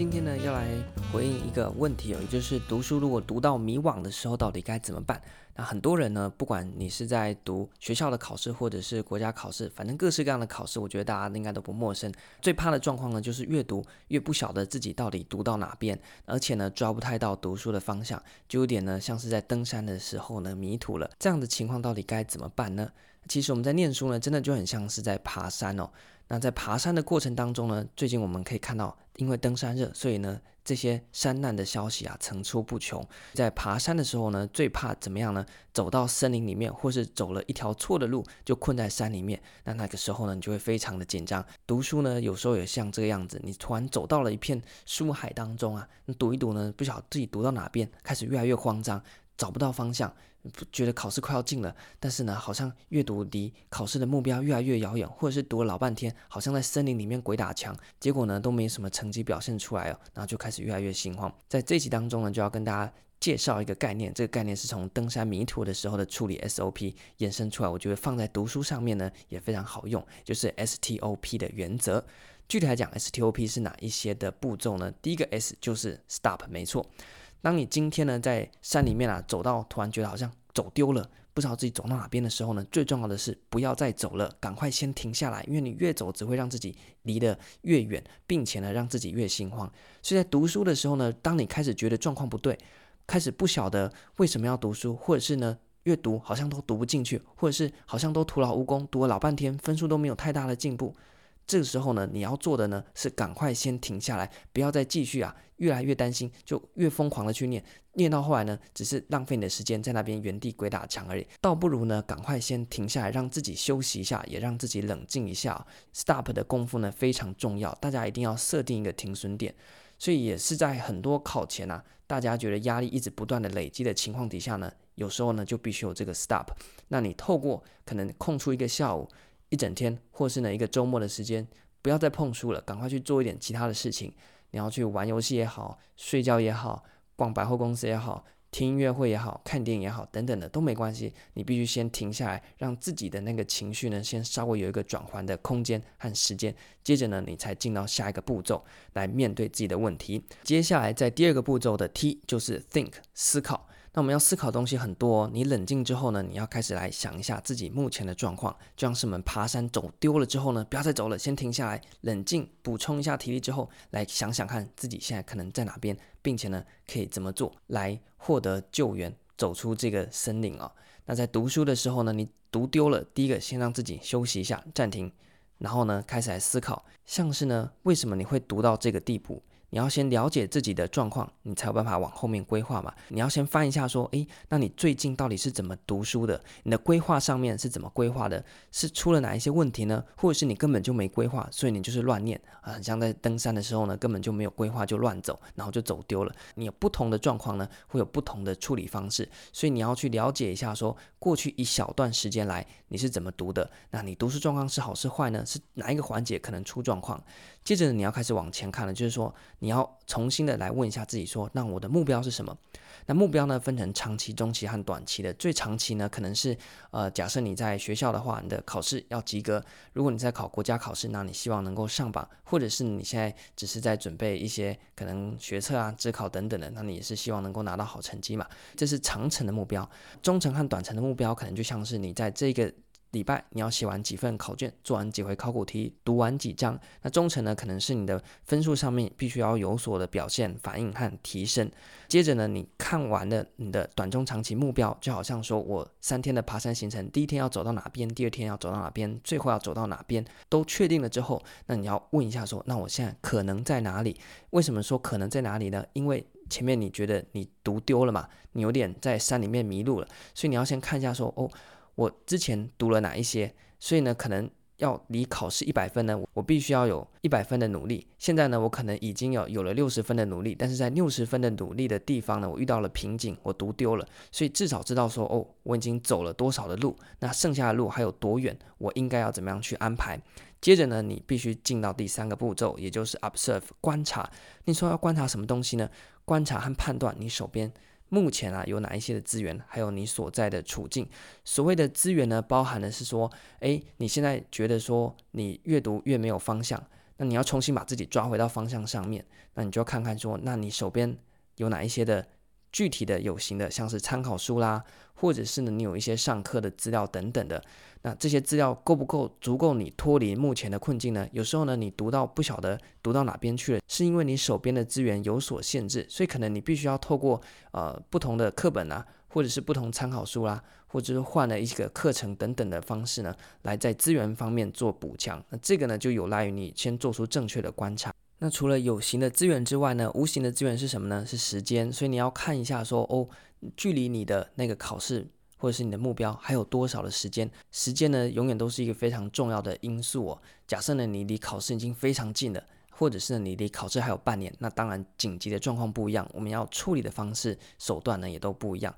今天呢，要來回應一個問題哦，也就是讀書如果讀到迷惘的時候，到底該怎麼辦？那很多人呢，不管你是在讀學校的考試，或者是國家考試，反正各式各樣的考試，我覺得大家應該都不陌生。最怕的狀況呢，就是越讀越不曉得自己到底讀到哪邊，而且呢，抓不太到讀書的方向，就有點呢，像是在登山的時候呢迷途了。這樣的情況到底該怎麼辦呢？其實我們在念書呢，真的就很像是在爬山哦。那在爬山的過程當中呢，最近我們可以看到，因為登山熱，所以呢，這些山難的消息啊，層出不窮。在爬山的時候呢，最怕怎麼樣呢？走到森林裡面，或是走了一條錯的路，就困在山裡面。那那個時候呢，你就會非常的緊張。讀書呢，有時候也像這個樣子，你突然走到了一片書海當中啊，你讀一讀呢，不曉得自己讀到哪邊，開始越來越慌張。找不到方向，覺得考試快要近了，但是呢，好像閱讀離考試的目標越來越遙遠，或者是讀了老半天，好像在森林裡面鬼打牆，結果呢，都沒什麼成績表現出來哦，然後就開始越來越心慌。在這集當中呢，就要跟大家介紹一個概念，這個概念是從登山迷途的時候的處理 SOP 衍生出來，我覺得放在讀書上面呢，也非常好用，就是 STOP 的原則。具體來講，STOP 是哪一些的步驟呢？第一個 S 就是 Stop，沒錯。當你今天呢在山裡面啊走到突然覺得好像走丟了，不知道自己走到哪邊的時候呢，最重要的是不要再走了，趕快先停下來，因為你越走只會讓自己離得越遠，並且呢讓自己越心慌。所以在讀書的時候呢，當你開始覺得狀況不對，開始不曉得為什麼要讀書，或者是呢閱讀好像都讀不進去，或者是好像都徒勞無功，讀了老半天分數都沒有太大的進步。這個時候呢，你要做的呢是趕快先停下來，不要再繼續啊，越來越擔心，就越瘋狂的去念，念到後來呢，只是浪費你的時間在那邊原地鬼打牆而已。倒不如呢，趕快先停下來，讓自己休息一下，也讓自己冷靜一下哦。Stop 的功夫呢非常重要，大家一定要設定一個停損點。所以也是在很多考前啊，大家覺得壓力一直不斷的累積的情況底下呢，有時候呢就必須有這個 Stop。那你透過可能空出一個下午，一整天，或是呢一個周末的時間，不要再碰書了，趕快去做一點其他的事情。你要去玩遊戲也好，睡覺也好，逛百貨公司也好，聽音樂會也好，看電影也好，等等的都沒關係。你必須先停下來，讓自己的那個情緒呢，先稍微有一個轉換的空間和時間。接着呢，你才進到下一個步驟，來面對自己的問題。接下來在第二個步驟的 T 就是 Think 思考。那我們要思考的東西很多哦，你冷靜之後呢，你要開始來想一下自己目前的狀況，就像是我們爬山走丟了之後呢，不要再走了，先停下來冷靜，補充一下體力之後，來想想看自己現在可能在哪邊，并且呢，可以怎麼做來獲得救援，走出這個森林啊哦。那在讀書的時候呢，你讀丟了，第一個先讓自己休息一下，暫停，然後呢，開始來思考，像是呢，為什麼你會讀到這個地步？你要先了解自己的狀況，你才有辦法往後面規劃嘛。你要先翻一下，說，誒，那你最近到底是怎麼讀書的？你的規劃上面是怎麼規劃的？是出了哪一些問題呢？或者是你根本就沒規劃，所以你就是亂念啊，很像在登山的時候呢，根本就沒有規劃就亂走，然後就走丟了。你有不同的狀況呢，會有不同的處理方式。所以你要去了解一下說，說過去一小段時間來你是怎麼讀的？那你讀書狀況是好是壞呢？是哪一個環節可能出狀況？接着你要開始往前看了，就是說。你要重新的來問一下自己說，說那我的目標是什麼？那目標呢分成長期、中期和短期的。最長期呢，可能是呃，假設你在學校的話，你的考試要及格；如果你在考國家考試，那你希望能夠上榜，或者是你現在只是在準備一些可能學測啊、指考等等的，那你也是希望能夠拿到好成績嘛。這是長程的目標。中程和短程的目標，可能就像是你在這個。禮拜你要寫完幾份考卷，做完幾回考古題，讀完幾章。那中程呢，可能是你的分數上面必須要有所的表現、反應和提升。接着呢，你看完了你的短、中、長期目標，就好像說我三天的爬山行程，第一天要走到哪邊，第二天要走到哪邊，最後要走到哪邊，都確定了之後，那你要問一下說，那我現在可能在哪裡？為什麼說可能在哪裡呢？因為前面你覺得你讀丟了嘛，你有點在山裡面迷路了，所以你要先看一下說，哦。我之前讀了哪一些？所以呢，可能要離考試一百分呢，我必須要有一百分的努力。現在呢，我可能已經有有了六十分的努力，但是在六十分的努力的地方呢，我遇到了瓶頸，我讀丟了。所以至少知道說，哦，我已經走了多少的路，那剩下的路還有多遠，我應該要怎麼樣去安排？接着呢，你必須進到第三個步驟，也就是 observe 觀察。你說要觀察什麼東西呢？觀察和判斷你手邊。目前啊，有哪一些的資源？還有你所在的處境。所謂的資源呢，包含的是說，哎、欸，你現在覺得說你越讀越沒有方向，那你要重新把自己抓回到方向上面，那你就要看看說，那你手邊有哪一些的。具體的有形的，像是參考書啦，或者是呢，你有一些上課的資料等等的，那這些資料夠不夠足夠你脫離目前的困境呢？有時候呢，你讀到不曉得讀到哪邊去了，是因為你手邊的資源有所限制，所以可能你必須要透過呃、不同的課本啊，或者是不同參考書啦，或者是換了一個課程等等的方式呢，來在資源方面做補強。那這個呢就有賴於你先做出正確的觀察。那除了有形的資源之外呢，無形的資源是什麼呢？是時間。所以你要看一下說，說哦，距離你的那個考試或者是你的目標還有多少的時間。時間呢，永遠都是一個非常重要的因素哦。假設呢，你離考試已經非常近了，或者是你離考試還有半年，那當然緊急的狀況不一樣，我們要處理的方式手段呢也都不一樣。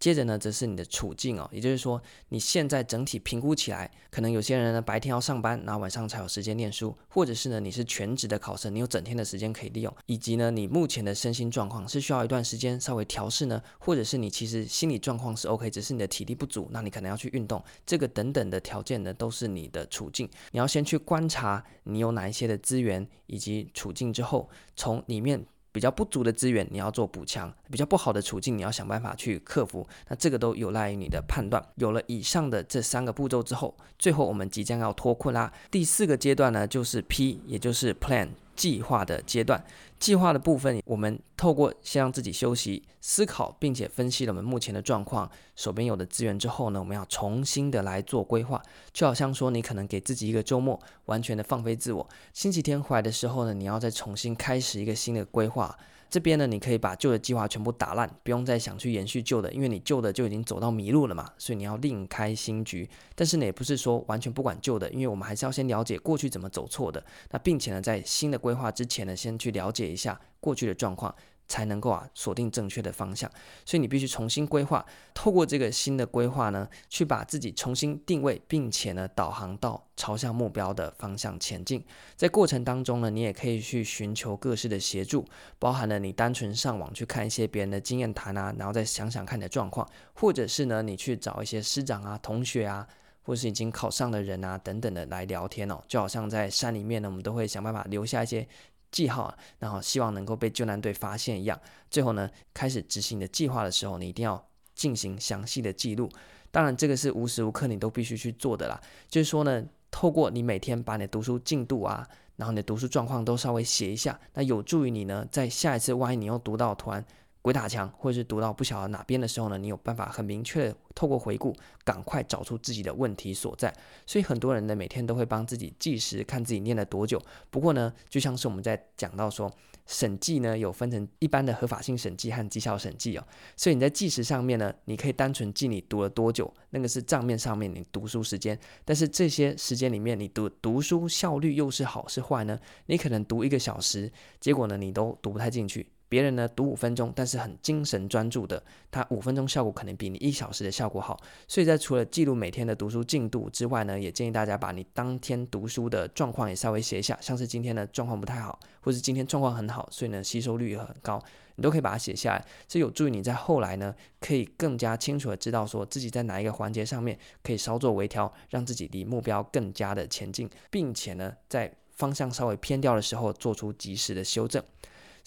接着呢，則是你的處境哦，也就是說，你現在整體評估起來，可能有些人呢，白天要上班，然後晚上才有時間念書，或者是呢，你是全職的考生，你有整天的時間可以利用，以及呢，你目前的身心狀況是需要一段時間稍微調試呢，或者是你其實心理狀況是 OK，只是你的體力不足，那你可能要去運動，這個等等的條件呢，都是你的處境，你要先去觀察你有哪一些的資源以及處境之後，從裡面。比較不足的資源，你要做補強；比較不好的處境，你要想辦法去克服。那這個都有賴於你的判斷。有了以上的這三個步驟之後，最後我們即將要脫困啦。第四個階段呢，就是 P，也就是 Plan 計劃的階段。計劃的部分，我們透過先讓自己休息、思考，並且分析了我們目前的狀況、手邊有的資源之後呢，我們要重新的來做規劃。就好像說，你可能給自己一個周末，完全的放飛自我。星期天回來的時候呢，你要再重新開始一個新的規劃。這邊呢，你可以把舊的計劃全部打爛，不用再想去延續舊的，因為你舊的就已經走到迷路了嘛，所以你要另開新局。但是呢，也不是說完全不管舊的，因為我們還是要先了解過去怎麼走錯的，那並且呢，在新的規劃之前呢，先去了解一下過去的狀況，才能夠啊鎖定正確的方向，所以你必須重新規劃。透過這個新的規劃呢，去把自己重新定位，並且呢導航到朝向目標的方向前進。在過程當中呢，你也可以去尋求各式的協助，包含了你單純上網去看一些別人的經驗談啊，然後再想想看你的狀況，或者是呢，你去找一些師長啊、同學啊，或是已經考上的人啊等等的來聊天哦。就好像在山裡面呢，我們都會想辦法留下一些。記號，然後希望能夠被救難隊發現一樣。最後呢，開始執行你的計劃的時候，你一定要進行詳細的記錄。當然，這個是無時無刻你都必須去做的啦。就是說呢，透過你每天把你的讀書進度啊，然後你的讀書狀況都稍微寫一下，那有助於你呢，在下一次萬一你又讀到團。鬼打牆，或者是讀到不曉得哪邊的時候呢，你有辦法很明確透過回顧，趕快找出自己的問題所在。所以很多人呢，每天都會幫自己計時，看自己念了多久。不過呢，就像是我們在講到說審計呢，有分成一般的合法性審計和績效審計哦。所以你在計時上面呢，你可以單純計你讀了多久，那個是賬面上面你讀書時間。但是這些時間裡面，你讀讀書效率又是好是壞呢？你可能讀一個小時，結果呢，你都讀不太進去。別人呢，讀五分鐘，但是很精神專注的，他五分鐘效果可能比你一小時的效果好。所以在除了記錄每天的讀書進度之外呢，也建議大家把你當天讀書的狀況也稍微寫一下，像是今天的狀況不太好，或者今天狀況很好，所以呢吸收率也很高，你都可以把它寫下來，這有助於你在後來呢可以更加清楚的知道說自己在哪一個環節上面可以稍作微調，讓自己離目標更加的前進，並且呢在方向稍微偏掉的時候做出及時的修正。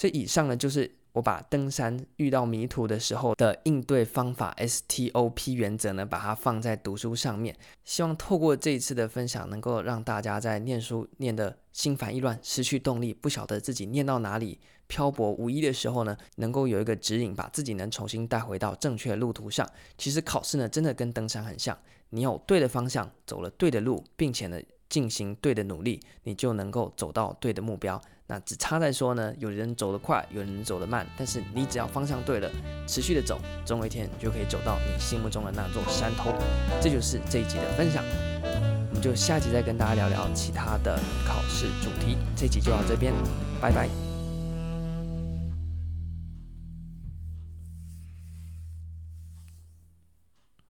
這以，以上呢，就是我把登山遇到迷途的時候的應對方法 STOP 原則呢，把它放在讀書上面。希望透過這一次的分享，能夠讓大家在念書念得心煩意亂、失去動力、不曉得自己念到哪裡、漂泊無依的時候呢，能夠有一個指引，把自己能重新帶回到正確路途上。其實考試呢，真的跟登山很像，你有對的方向，走了對的路，並且呢，進行對的努力，你就能夠走到對的目標。那只差在說呢，有人走得快，有人走得慢，但是你只要方向對了，持續地走，終有一天你就可以走到你心目中的那座山頭。這就是這一集的分享，我們就下集再跟大家聊聊其他的考試主題。這集就到這邊，拜拜。